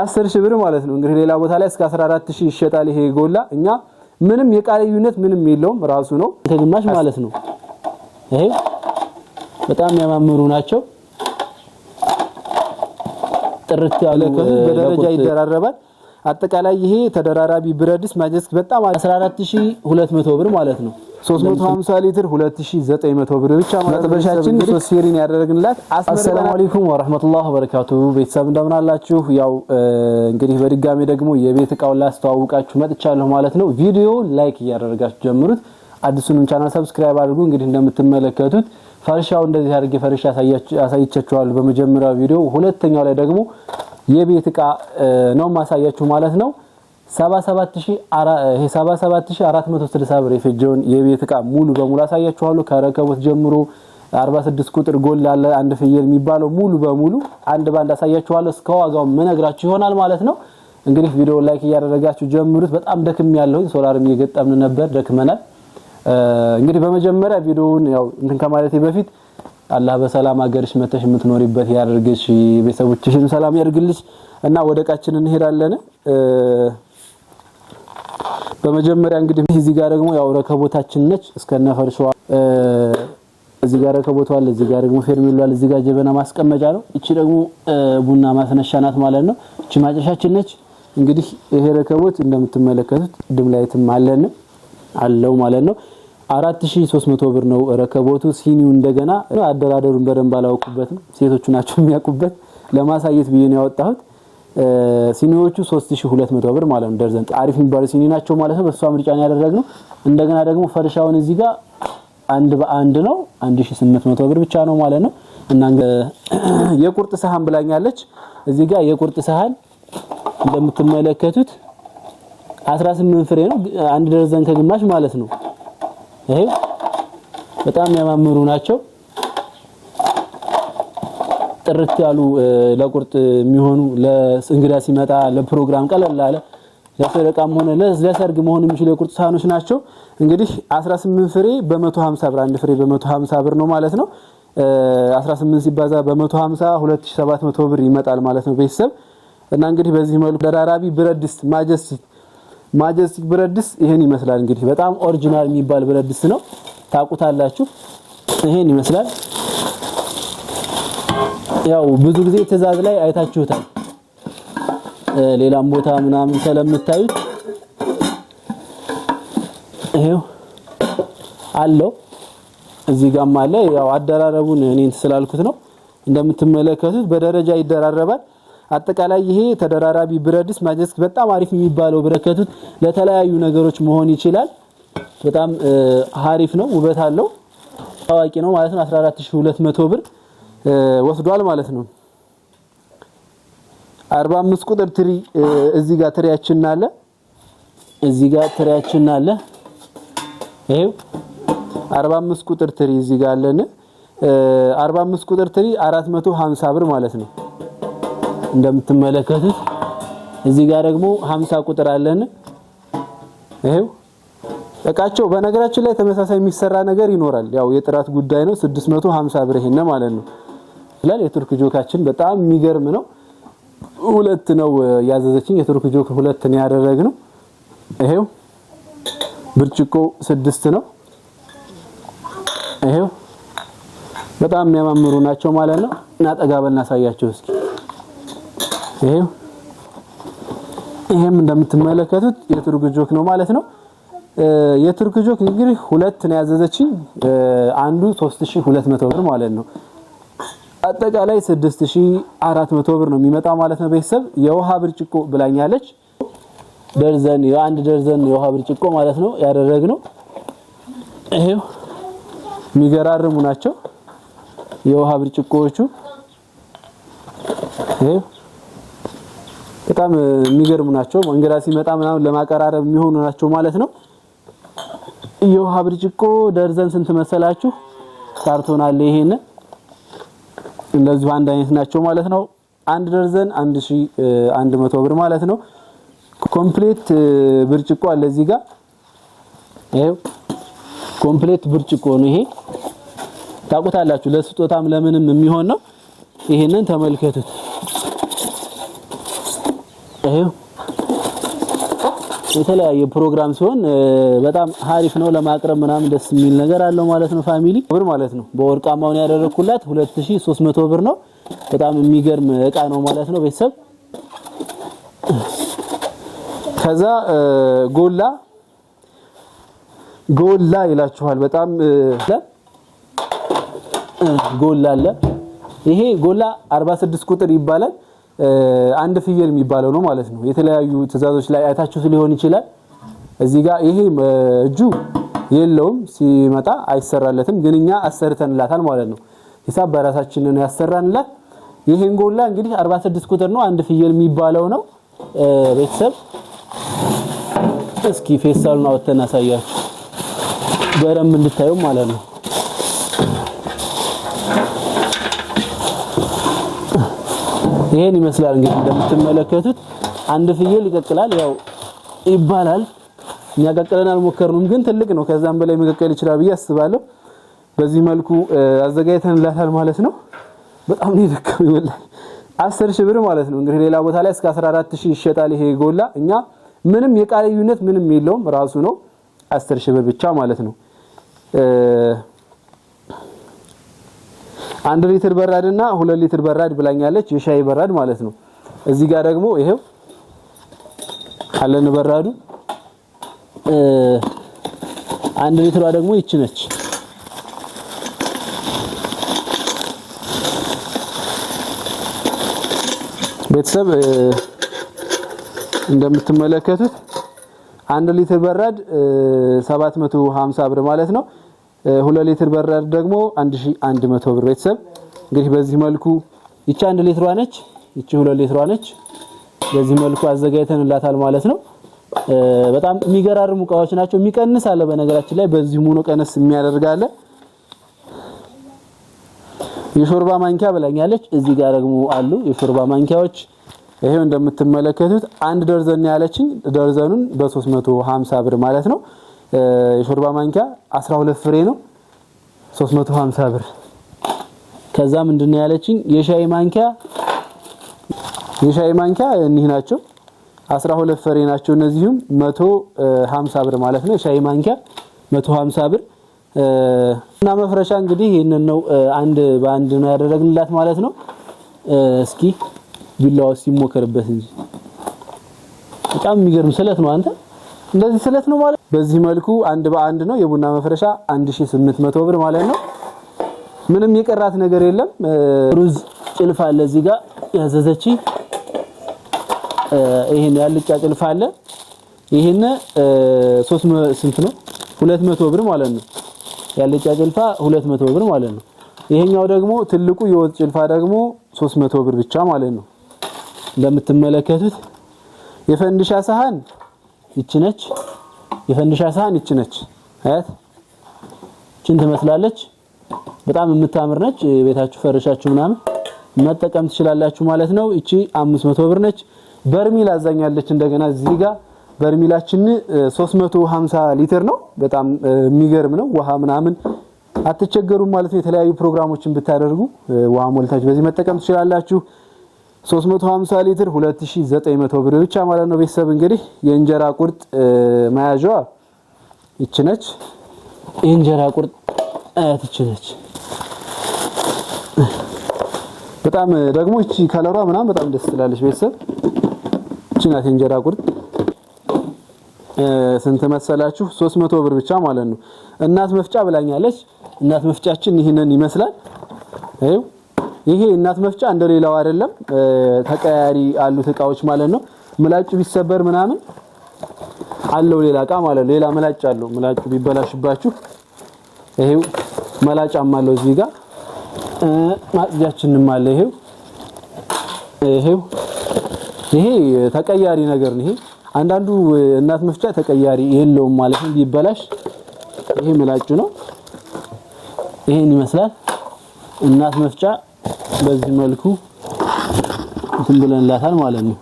አስር ሺህ ብር ማለት ነው። እንግዲህ ሌላ ቦታ ላይ እስከ 14 ሺህ ይሸጣል። ይሄ ጎላ እኛ ምንም የዕቃ ልዩነት ምንም የለውም። ራሱ ነው ተግማሽ ማለት ነው። ይሄ በጣም የሚያማምሩ ናቸው። ጥርት ያለ በደረጃ ይደራረባል። አጠቃላይ ይሄ ተደራራቢ ብረድስ ማጀስክ በጣም 14200 ብር ማለት ነው። 350 ሊትር 2900 ብር ብቻ ማለት በሻችን ሶስት ሴሪን ያደረግንላት። አሰላሙ አለይኩም ወራህመቱላሂ ወበረካቱ። ቤተሰብ እንደምን አላችሁ? ያው እንግዲህ በድጋሚ ደግሞ የቤት እቃውን ላስተዋውቃችሁ መጥቻለሁ ማለት ነው። ቪዲዮ ላይክ እያደረጋችሁ ጀምሩት። አዲሱንም ቻናል ሰብስክራይብ አድርጉ። እንግዲህ እንደምትመለከቱት ፈርሻው እንደዚህ አድርጌ ፈርሻ አሳይቻችኋለሁ በመጀመሪያው ቪዲዮ። ሁለተኛው ላይ ደግሞ የቤት እቃ ነው ማሳያችሁ ማለት ነው። 77460 ብር የፈጀውን የቤት ዕቃ ሙሉ በሙሉ አሳያችኋለሁ። ከረከቦት ጀምሮ 46 ቁጥር ጎል አለ አንድ ፍየል የሚባለው ሙሉ በሙሉ አንድ ባንድ አሳያችኋለሁ። እስከ ዋጋው መነግራችሁ ይሆናል ማለት ነው። እንግዲህ ቪዲዮ ላይክ እያደረጋችሁ ጀምሩት። በጣም ደክም ያለሁኝ ሶላርም እየገጠምን ነበር፣ ደክመናል። እንግዲህ በመጀመሪያ ቪዲዮውን ያው እንትን ከማለቴ በፊት አላህ በሰላም ሀገርሽ መተሽ የምትኖሪበት ያደርግሽ፣ ቤተሰቦችሽን ሰላም ያድርግልሽ እና ወደ እቃችን እንሄዳለን። በመጀመሪያ እንግዲህ እዚህ ጋር ደግሞ ያው ረከቦታችን ነች እስከነፈርሽዋ እዚህ ጋር ረከቦቷ አለ። እዚህ ጋር ደግሞ ፌርሜሎ አለ። እዚህ ጋር ጀበና ማስቀመጫ ነው። እቺ ደግሞ ቡና ማስነሻ ናት ማለት ነው። እቺ ማጨሻችን ነች። እንግዲህ ይሄ ረከቦት እንደምትመለከቱት ድም ላይትም አለን አለው ማለት ነው። 4300 ብር ነው ረከቦቱ። ሲኒው እንደገና አደራደሩን በደንብ አላውቁበትም ሴቶቹ ናቸው የሚያውቁበት። ለማሳየት ብዬ ነው ያወጣሁት። ሲኒዎቹ 3200 ብር ማለት ነው። ደርዘን አሪፍ የሚባሉ ሲኒ ናቸው ማለት ነው። በእሷ ምርጫ ነው ያደረግነው። እንደገና ደግሞ ፈርሻውን እዚህ ጋር አንድ በአንድ ነው 1800 ብር ብቻ ነው ማለት ነው። እና የቁርጥ ሰሃን ብላኛለች። እዚህ ጋር የቁርጥ ሰሃን እንደምትመለከቱት 18 ፍሬ ነው አንድ ደርዘን ከግማሽ ማለት ነው። ይሄ በጣም የሚያማምሩ ናቸው። ጥርት ያሉ ለቁርጥ የሚሆኑ ለእንግዳ ሲመጣ ለፕሮግራም ቀለል አለ ለሰረቃም ሆነ ለሰርግ መሆን የሚችሉ የቁርጥ ሳህኖች ናቸው። እንግዲህ 18 ፍሬ በ150 ብር አንድ ፍሬ በ150 ብር ነው ማለት ነው። 18 ሲባዛ በ150 2700 ብር ይመጣል ማለት ነው ቤተሰብ እና እንግዲህ በዚህ መልኩ ደራራቢ ብረት ድስት ማጀስቲክ ማጀስቲክ ብረት ድስት ይሄን ይመስላል። እንግዲህ በጣም ኦሪጂናል የሚባል ብረት ድስት ነው ታውቁታላችሁ። ይሄን ይመስላል ያው ብዙ ጊዜ ትዕዛዝ ላይ አይታችሁታል። ሌላም ቦታ ምናምን ስለምታዩት ይሄው አለው እዚህ ጋም አለ። ያው አደራረቡን እኔን ስላልኩት ነው። እንደምትመለከቱት በደረጃ ይደራረባል። አጠቃላይ ይሄ ተደራራቢ ብረት ድስት ማጀስክ በጣም አሪፍ የሚባለው ብረከቱት ለተለያዩ ነገሮች መሆን ይችላል። በጣም አሪፍ ነው፣ ውበት አለው፣ ታዋቂ ነው ማለት ነው። 14200 ብር ወስዷል ማለት ነው። 45 ቁጥር ትሪ እዚህ ጋር ትሪያችን አለ። እዚህ ጋር ትሪያችን አለ። ይሄው 45 ቁጥር ትሪ እዚህ ጋር አለን። 45 ቁጥር ትሪ 450 ብር ማለት ነው። እንደምትመለከቱት እዚህ ጋር ደግሞ 50 ቁጥር አለን። ይሄው እቃቸው በነገራችን ላይ ተመሳሳይ የሚሰራ ነገር ይኖራል። ያው የጥራት ጉዳይ ነው። 650 ብር ይሄን ማለት ነው። ይላል። የቱርክ ጆካችን በጣም የሚገርም ነው። ሁለት ነው ያዘዘችኝ። የቱርክ ጆክ ሁለት ነው ያደረግነው። ይሄው ብርጭቆ ስድስት ነው። ይሄው በጣም የሚያማምሩ ናቸው ማለት ነው። እና ጠጋ በል እናሳያቸው እስኪ። ይሄው ይሄም እንደምትመለከቱት የቱርክ ጆክ ነው ማለት ነው። የቱርክ ጆክ እንግዲህ ሁለት ነው ያዘዘችኝ። አንዱ 3200 ብር ማለት ነው። አጠቃላይ 6400 ብር ነው የሚመጣው ማለት ነው። ቤተሰብ የውሃ ብርጭቆ ብላኛለች። ደርዘን የአንድ ደርዘን የውሃ ብርጭቆ ማለት ነው ያደረግነው። ይሄው የሚገራርሙ ናቸው የውሃ ብርጭቆዎቹ። ይሄው በጣም የሚገርሙ ናቸው። እንግዳ ሲመጣ ምናምን ለማቀራረብ የሚሆኑ ናቸው ማለት ነው። የውሃ ብርጭቆ ደርዘን ስንት መሰላችሁ? ካርቶን አለ ይሄንን እንደዚሁ አንድ አይነት ናቸው ማለት ነው። አንድ ደርዘን ሺ1ን 1100 ብር ማለት ነው። ኮምፕሌት ብርጭቆ አለ እዚህ ጋር ይሄው ኮምፕሌት ብርጭቆ ነው ይሄ ታውቁታላችሁ። ለስጦታም ለምንም የሚሆን ነው። ይሄንን ተመልከቱት ይሄው የተለያየ ፕሮግራም ሲሆን በጣም ሀሪፍ ነው ለማቅረብ ምናምን ደስ የሚል ነገር አለው ማለት ነው። ፋሚሊ ብር ማለት ነው። በወርቃማውን ያደረኩላት 2300 ብር ነው። በጣም የሚገርም እቃ ነው ማለት ነው ቤተሰብ ከዛ ጎላ ጎላ ይላችኋል። በጣም ጎላ አለ። ይሄ ጎላ 46 ቁጥር ይባላል። አንድ ፍየል የሚባለው ነው ማለት ነው። የተለያዩ ትዕዛዞች ላይ አይታችሁት ሊሆን ይችላል። እዚህ ጋር ይሄ እጁ የለውም ሲመጣ አይሰራለትም፣ ግን እኛ አሰርተንላታል ማለት ነው። ሂሳብ በራሳችንን ያሰራንላት። ይሄን ጎላ እንግዲህ 46 ቁጥር ነው አንድ ፍየል የሚባለው ነው። ቤተሰብ እስኪ ፌሳሉን አወጥተን አሳያችሁ በረም እንድታዩ ማለት ነው። ይሄን ይመስላል እንግዲህ እንደምትመለከቱት አንድ ፍየል ይቀቅላል። ያው ይባላል እኛ ቀቅለን አልሞከርንም፣ ግን ትልቅ ነው። ከዛም በላይ መቀቀል ይችላል ብዬ አስባለሁ። በዚህ መልኩ አዘጋጅተንላታል ማለት ነው። በጣም ነው የደከመኝ ወላሂ። 10 ሺህ ብር ማለት ነው እንግዲህ ሌላ ቦታ ላይ እስከ ሺህ ይሸጣል። ይሄ ጎላ እኛ ምንም የቃልዩነት ምንም የለውም ራሱ ነው። 10 ሺህ ብር ብቻ ማለት ነው። አንድ ሊትር በራድ እና ሁለት ሊትር በራድ ብላኛለች። የሻይ በራድ ማለት ነው። እዚህ ጋር ደግሞ ይሄው አለን በራዱ። አንድ ሊትሯ ደግሞ ይቺ ነች። ቤተሰብ እንደምትመለከቱት አንድ ሊትር በራድ 750 ብር ማለት ነው። ሁለት ሊትር በራድ ደግሞ 1100 ብር። ቤተሰብ እንግዲህ በዚህ መልኩ ይቺ አንድ ሊትሯ ነች፣ ይቺ ሁለት ሊትሯ ነች። በዚህ መልኩ አዘጋጅተንላታል ማለት ነው። በጣም የሚገራርሙ እቃዎች ናቸው። የሚቀንስ አለ በነገራችን ላይ በዚህ ሙኖ ቀነስ የሚያደርግ አለ። የሾርባ ማንኪያ ብላኛለች። እዚህ ጋር ደግሞ አሉ የሾርባ ማንኪያዎች። ይሄው እንደምትመለከቱት አንድ ደርዘን ያለችኝ ደርዘኑን በ350 ብር ማለት ነው። የሾርባ ማንኪያ 12 ፍሬ ነው 350 ብር። ከዛ ምንድነው ያለችኝ የሻይ ማንኪያ የሻይ ማንኪያ እኒህ ናቸው 12 ፍሬ ናቸው። እነዚህም 150 ብር ማለት ነው። የሻይ ማንኪያ 150 ብር እና መፍረሻ እንግዲህ ይህንን ነው አንድ በአንድ ነው ያደረግንላት ማለት ነው። እስኪ ቢላዋ ሲሞከርበት እንጂ በጣም የሚገርም ስለት ነው። አንተ እንደዚህ ስለት ነው ማለት በዚህ መልኩ አንድ በአንድ ነው የቡና መፍረሻ 1800 ብር ማለት ነው። ምንም የቀራት ነገር የለም። ሩዝ ጭልፋ አለ እዚህ ጋር ያዘዘች ይሄን ያልጫ ጭልፋ አለ። ይሄን 300 ስንት ነው? 200 ብር ማለት ነው። ያልጫ ጭልፋ 200 ብር ማለት ነው። ይሄኛው ደግሞ ትልቁ የወጥ ጭልፋ ደግሞ 300 ብር ብቻ ማለት ነው። እንደምትመለከቱት የፈንድሻ ሰሃን ይቺ ነች። የፈንዲሻ ሳህን ይች ነች። አያት ይችን ትመስላለች። በጣም የምታምር ነች። ቤታችሁ ፈረሻችሁ ምናምን መጠቀም ትችላላችሁ ማለት ነው። እቺ 500 ብር ነች። በርሚል አዛኛለች። እንደገና እዚህ ጋር በርሚላችን 350 ሊትር ነው። በጣም የሚገርም ነው። ውሃ ምናምን አትቸገሩም ማለት ነው። የተለያዩ ፕሮግራሞችን ብታደርጉ ውሃ ሞልታችሁ በዚህ መጠቀም ትችላላችሁ። 350 ሊትር 2900 ብር ብቻ ማለት ነው። ቤተሰብ እንግዲህ የእንጀራ ቁርጥ መያዣዋ ይቺ ነች። የእንጀራ ቁርጥ አያት ይቺ ነች። በጣም ደግሞ እቺ ከለሯ ምናምን በጣም ደስ ትላለች። ቤተሰብ ይቺ ናት የእንጀራ ቁርጥ። ስንት መሰላችሁ? 300 ብር ብቻ ማለት ነው። እናት መፍጫ ብላኛለች። እናት መፍጫችን ይህንን ይመስላል። ይሄ እናት መፍጫ እንደሌላው አይደለም። ተቀያሪ አሉት እቃዎች ማለት ነው። ምላጩ ቢሰበር ምናምን አለው ሌላ እቃ ማለት ነው። ሌላ ምላጭ አለው። ምላጩ ቢበላሽባችሁ ይሄው መላጫም አለው እዚህ ጋር ማጽጃችንም አለ። ይሄው ይሄው ይሄ ተቀያሪ ነገር ነው። ይሄ አንዳንዱ እናት መፍጫ ተቀያሪ የለውም ማለት ነው። ቢበላሽ ይሄ ምላጩ ነው። ይሄን ይመስላል እናት መፍጫ በዚህ መልኩ እንትን ብለንላታል ማለት ነው።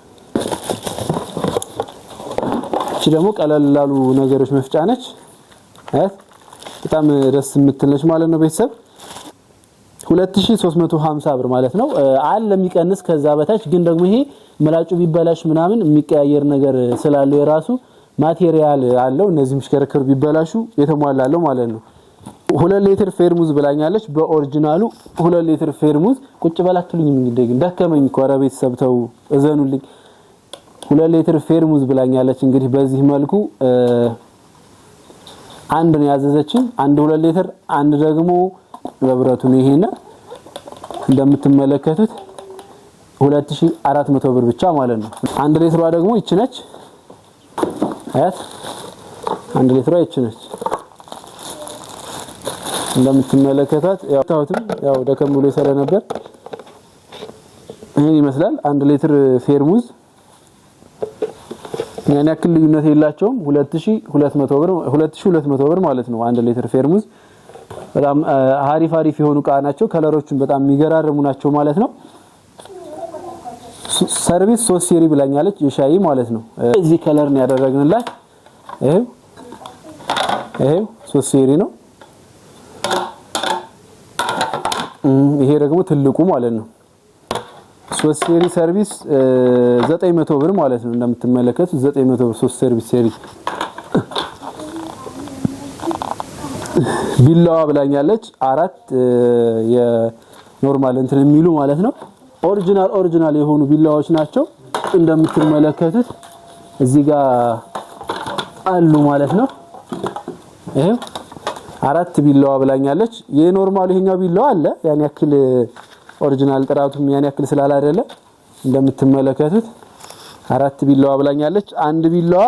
እቺ ደግሞ ቀለል ላሉ ነገሮች መፍጫ ነች። በጣም ደስ የምትልነች ማለት ነው። ቤተሰብ 2350 ብር ማለት ነው። አለ የሚቀንስ ከዛ በታች ግን ደግሞ ይሄ ምላጩ ቢበላሽ ምናምን የሚቀያየር ነገር ስላለው የራሱ ማቴሪያል አለው። እነዚህ የሚሽከረከሩ ቢበላሹ የተሟላለው ማለት ነው። ሁለት ሌትር ፌርሙዝ ብላኛለች። በኦሪጂናሉ ሁለት ሌትር ፌርሙዝ ቁጭ በላትሉኝ እንግዲህ ደከመኝ እኮ ኧረ ቤተሰብ ተው እዘኑልኝ። ሁለት ሌትር ፌርሙዝ ብላኛለች። እንግዲህ በዚህ መልኩ አንድ ነው ያዘዘችኝ፣ አንድ ሁለት ሌትር፣ አንድ ደግሞ በብረቱ ነው። ይሄን እንደምትመለከቱት 2400 ብር ብቻ ማለት ነው። አንድ ሌትሯ ደግሞ ይቺ ነች። አያት አንድ ሌትሯ ይቺ ነች። እንደምትመለከታት ያው ታውትም ያው ደከም ብሎ ስለነበር ይሄን ይመስላል። አንድ ሊትር ፌርሙዝ ያን ያክል ልዩነት የላቸውም። 2200 ብር 2200 ብር ማለት ነው። አንድ ሊትር ፌርሙዝ በጣም አሪፍ አሪፍ የሆኑ እቃ ናቸው። ከለሮቹም በጣም የሚገራርሙ ናቸው ማለት ነው። ሰርቪስ ሶስት ሴሪ ብላኛለች፣ የሻይ ማለት ነው። እዚህ ከለርን ያደረግንላት ይሄው ይሄው ሶስት ሴሪ ነው። ይሄ ደግሞ ትልቁ ማለት ነው። ሶስት ሴሪ ሰርቪስ 900 ብር ማለት ነው። እንደምትመለከቱት 900 ብር ሶስት ሰርቪስ ሴሪ። ቢላዋ ብላኛለች አራት የኖርማል እንትን የሚሉ ማለት ነው። ኦሪጂናል ኦሪጂናል የሆኑ ቢላዎች ናቸው እንደምትመለከቱት እዚህ ጋር አሉ ማለት ነው። ይሄ አራት ቢላዋ ብላኛለች። ኖርማሉ ይሄኛው ቢላዋ አለ ያን ያክል ኦሪጂናል ጥራቱም ያን ያክል ስላል አይደለ እንደምትመለከቱት አራት ቢላዋ ብላኛለች። አንድ ቢላዋ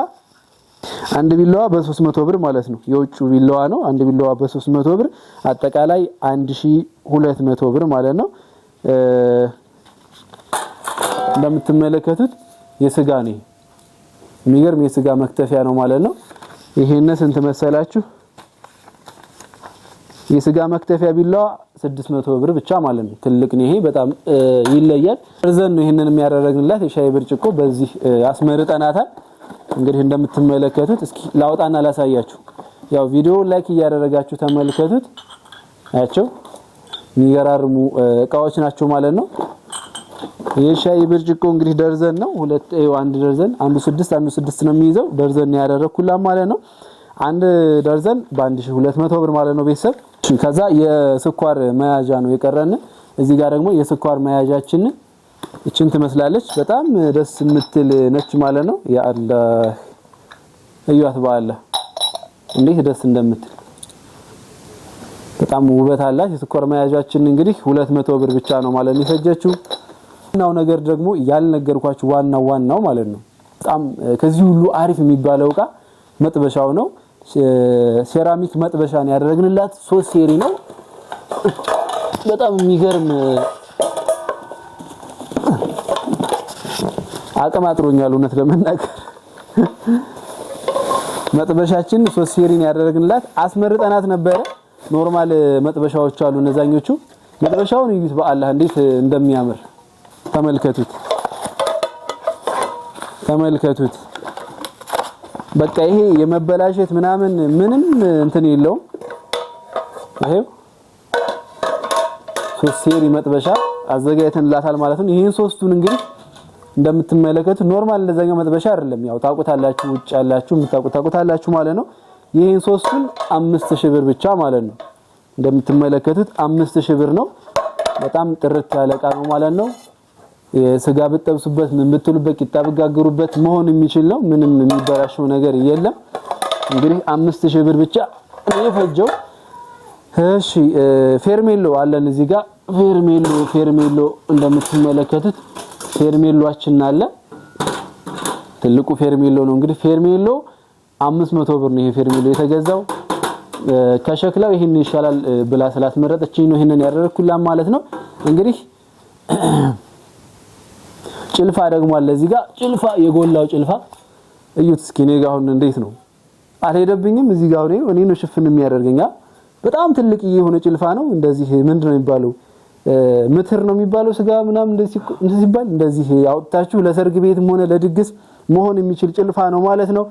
አንድ ቢላዋ በ300 ብር ማለት ነው። የውጭ ቢላዋ ነው። አንድ ቢላዋ በ300 ብር አጠቃላይ 1200 ብር ማለት ነው። እንደምትመለከቱት የስጋ ነው። የሚገርም የስጋ መክተፊያ ነው ማለት ነው። ይሄን ስንት መሰላችሁ? የስጋ መክተፊያ ቢላዋ 600 ብር ብቻ ማለት ነው። ትልቅ ነው ይሄ በጣም ይለያል። እርዘን ነው ይሄንን የሚያደርግላት የሻይ ብርጭቆ በዚህ አስመርጠናታል። እንግዲህ እንደምትመለከቱት እስኪ ላውጣና ላሳያችሁ። ያው ቪዲዮ ላይክ እያደረጋችሁ ተመልከቱት። አያቸው የሚገራርሙ እቃዎች ናቸው ማለት ነው። የሻይ ብርጭቆ እንግዲህ ደርዘን ነው። ሁለት አንድ ደርዘን አንዱ ስድስት አንዱ ስድስት ነው የሚይዘው። ደርዘን ያደረኩላ ማለት ነው። አንድ ደርዘን በ1200 ብር ማለት ነው ቤተሰብ ከዛ የስኳር መያዣ ነው የቀረን። እዚህ ጋር ደግሞ የስኳር መያዣችን እችን ትመስላለች። በጣም ደስ የምትል ነች ማለት ነው። ያ አላህ እዩት፣ በአለ እንዴት ደስ እንደምትል በጣም ውበት አላት። የስኳር መያዣችን እንግዲህ 200 መቶ ብር ብቻ ነው ማለት ነው የፈጀችው። ዋናው ነገር ደግሞ ያልነገርኳችሁ ዋናው ዋናው ማለት ነው በጣም ከዚህ ሁሉ አሪፍ የሚባለው እቃ መጥበሻው ነው። ሴራሚክ መጥበሻን ያደረግንላት ሶስት ሴሪ ነው። በጣም የሚገርም አቅም አጥሮኛል እውነት ለመናገር መጥበሻችን ሶስት ሴሪን ያደረግንላት አስመርጠናት ነበረ። ኖርማል መጥበሻዎች አሉ እነዛኞቹ። መጥበሻውን እዩት በአላህ እንዴት እንደሚያምር ተመልከቱት፣ ተመልከቱት። በቃ ይሄ የመበላሸት ምናምን ምንም እንትን የለውም። ይሄው ሶስት ሴሪ መጥበሻ አዘጋጅተንላታል ማለት ነው። ይሄን ሶስቱን እንግዲህ እንደምትመለከቱ ኖርማል እንደዛኛው መጥበሻ አይደለም። ያው ታውቁታላችሁ፣ ውጭ ያላችሁ የምታውቁት ታውቁታላችሁ ማለት ነው። ይሄን ሶስቱን አምስት ሺህ ብር ብቻ ማለት ነው። እንደምትመለከቱት አምስት ሺህ ብር ነው። በጣም ጥርት ያለ እቃ ነው ማለት ነው። ስጋ ብጠብሱበት ምን ብትሉበት ቂጣ ብጋግሩበት መሆን የሚችል ነው። ምንም የሚበላሸው ነገር የለም። እንግዲህ አምስት ሺህ ብር ብቻ ነው የፈጀው። እሺ ፌርሜሎ አለን እዚህ ጋር ፌርሜሎ ፌርሜሎ እንደምትመለከቱት ፌርሜሎአችን አለ። ትልቁ ፌርሜሎ ነው እንግዲህ ፌርሜሎ 500 ብር ነው ይሄ ፌርሜሎ የተገዛው። ከሸክላው ይህን ይሻላል ብላ ስላስመረጠችኝ ነው ይሄንን ያደረኩላት ማለት ነው እንግዲህ ጭልፋ ደግሞ አለ እዚህ ጋር ጭልፋ፣ የጎላው ጭልፋ እዩት እስኪ። እኔ ጋር አሁን እንዴት ነው አልሄደብኝም? እዚህ ጋር ነው እኔ ነው ሽፍን የሚያደርገኛ። በጣም ትልቅ የሆነ ጭልፋ ነው። እንደዚህ ምንድን ነው የሚባለው? ምትር ነው የሚባለው። ስጋ ምናምን እንደዚህ ሲባል እንደዚህ አውጥታችሁ ለሰርግ ቤትም ሆነ ለድግስ መሆን የሚችል ጭልፋ ነው ማለት ነው።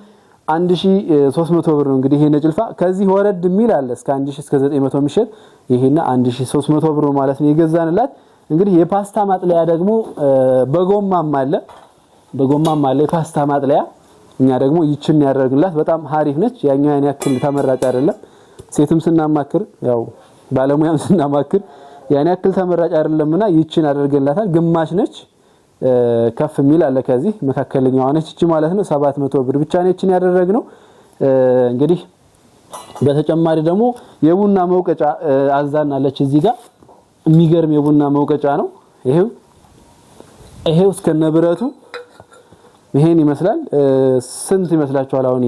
1300 ብር ነው እንግዲህ ይሄን ጭልፋ። ከዚህ ወረድ የሚል አለ እስከ 1000 እስከ 900 የሚሸጥ ይሄና 1300 ብር ማለት ነው የገዛንላት እንግዲህ የፓስታ ማጥለያ ደግሞ በጎማም አለ በጎማም አለ የፓስታ ማጥለያ። እኛ ደግሞ ይችን ያደረግንላት በጣም ሀሪፍ ነች። ያኛው ያን ያክል ተመራጭ አይደለም። ሴትም ስናማክር ያው ባለሙያም ስናማክር ያን ያክል ተመራጭ አይደለምና ይችን አደርገንላታል። ግማሽ ነች፣ ከፍ የሚል አለ ከዚህ መካከለኛዋ ነች እቺ ማለት ነው። 700 ብር ብቻ ነችን ያደረግነው እንግዲህ በተጨማሪ ደግሞ የቡና መውቀጫ አዛናለች እዚህ ጋር የሚገርም የቡና መውቀጫ ነው። ይሄው ይሄው እስከነ ብረቱ ይሄን ይመስላል። ስንት ይመስላችኋል? አሁን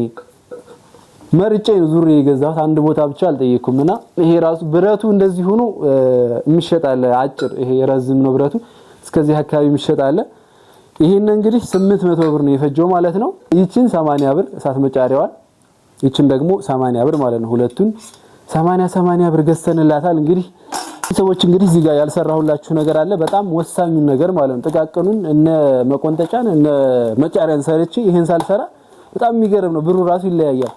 መርጬ ነው ዙሬ የገዛሁት አንድ ቦታ ብቻ አልጠየኩም። እና ይሄ ራሱ ብረቱ እንደዚህ ሆኖ የሚሸጣለ አጭር፣ ይሄ ረዝም ነው ብረቱ እስከዚህ አካባቢ የሚሸጣለ። ይሄን እንግዲህ 800 ብር ነው የፈጀው ማለት ነው። ይቺን 80 ብር እሳት መጫሪዋል፣ ይቺን ደግሞ 80 ብር ማለት ነው። ሁለቱን 80 80 ብር ገዝተንላታል እንግዲህ ሰዎች እንግዲህ እዚህ ጋር ያልሰራሁላችሁ ነገር አለ። በጣም ወሳኙን ነገር ማለት ነው። ጥቃቅኑን እነ መቆንጠጫን እነ መጫሪያን ሰርቼ ይሄን ሳልሰራ በጣም የሚገርም ነው። ብሩ ራሱ ይለያያል።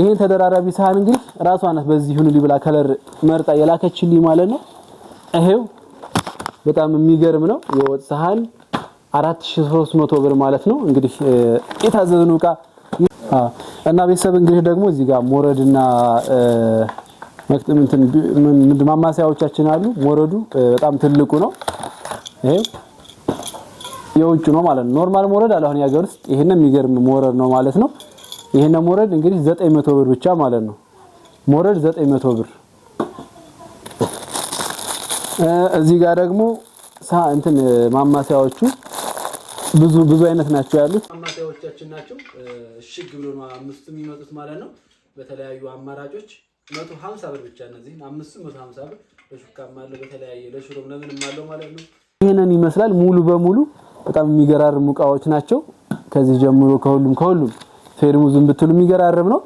ይሄን ተደራራቢ ሳህን እንግዲህ ራሷ ናት በዚህ ሁሉ ሊብላ ከለር መርጣ የላከችልኝ ማለት ነው። ይሄው በጣም የሚገርም ነው። የወጥ ሳህን 4300 ብር ማለት ነው። እንግዲህ የታዘዝነው ዕቃ እና ቤተሰብ እንግዲህ ደግሞ እዚህ ጋር ሞረድና ማማሰያዎቻችን አሉ። ሞረዱ በጣም ትልቁ ነው። ይሄ የውጭ ነው ማለት ነው። ኖርማል ሞረድ አለ አሁን የሀገር ውስጥ ይሄን የሚገርም ሞረድ ነው ማለት ነው። ይሄን ሞረድ እንግዲህ 900 ብር ብቻ ማለት ነው። ሞረድ 900 ብር። እዚህ ጋር ደግሞ ሳ እንትን ማማሰያዎቹ ብዙ ብዙ አይነት ናቸው ያሉት ማማሰያዎቻችን ናቸው። እሽግ ብሎ ነው አምስቱ የሚመጡት ማለት ነው በተለያዩ አማራጮች መቶ ሀምሳ ብር ብቻ እነዚህን አምስቱ መቶ ሀምሳ ብር ለሹካም አለው በተለያየ ለሽሮም ለምንም አለው ማለት ነው። ይህንን ይመስላል ሙሉ በሙሉ በጣም የሚገራርሙ እቃዎች ናቸው። ከዚህ ጀምሮ ከሁሉም ከሁሉም ፌርሙዝን ብትሉ የሚገራርም ነው።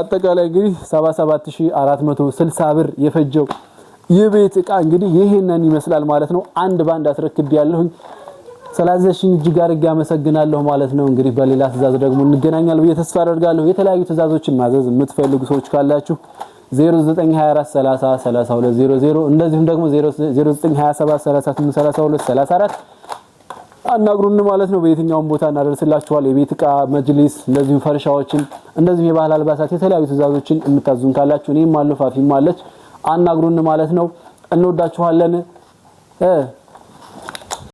አጠቃላይ እንግዲህ 77460 ብር የፈጀው የቤት እቃ እንግዲህ ይህንን ይመስላል ማለት ነው። አንድ ባንድ አስረክብ ያለሁኝ ስላዘሽኝ እጅግ አድርጌ አመሰግናለሁ ማለት ነው። እንግዲህ በሌላ ትዕዛዝ ደግሞ እንገናኛለን ብዬ ተስፋ አደርጋለሁ። የተለያዩ ትዕዛዞችን ማዘዝ የምትፈልጉ ሰዎች ካላችሁ 0924303200 እንደዚሁም ደግሞ 0927383234 አናግሩን ማለት ነው። በየትኛውም ቦታ እናደርስላችኋል። የቤት እቃ፣ መጅሊስ፣ እንደዚሁም ፈርሻዎችን፣ እንደዚሁም የባህል አልባሳት፣ የተለያዩ ትዕዛዞችን የምታዙን ካላችሁ እኔም አለሁ ፋፊም አለች። አናግሩን ማለት ነው። እንወዳችኋለን።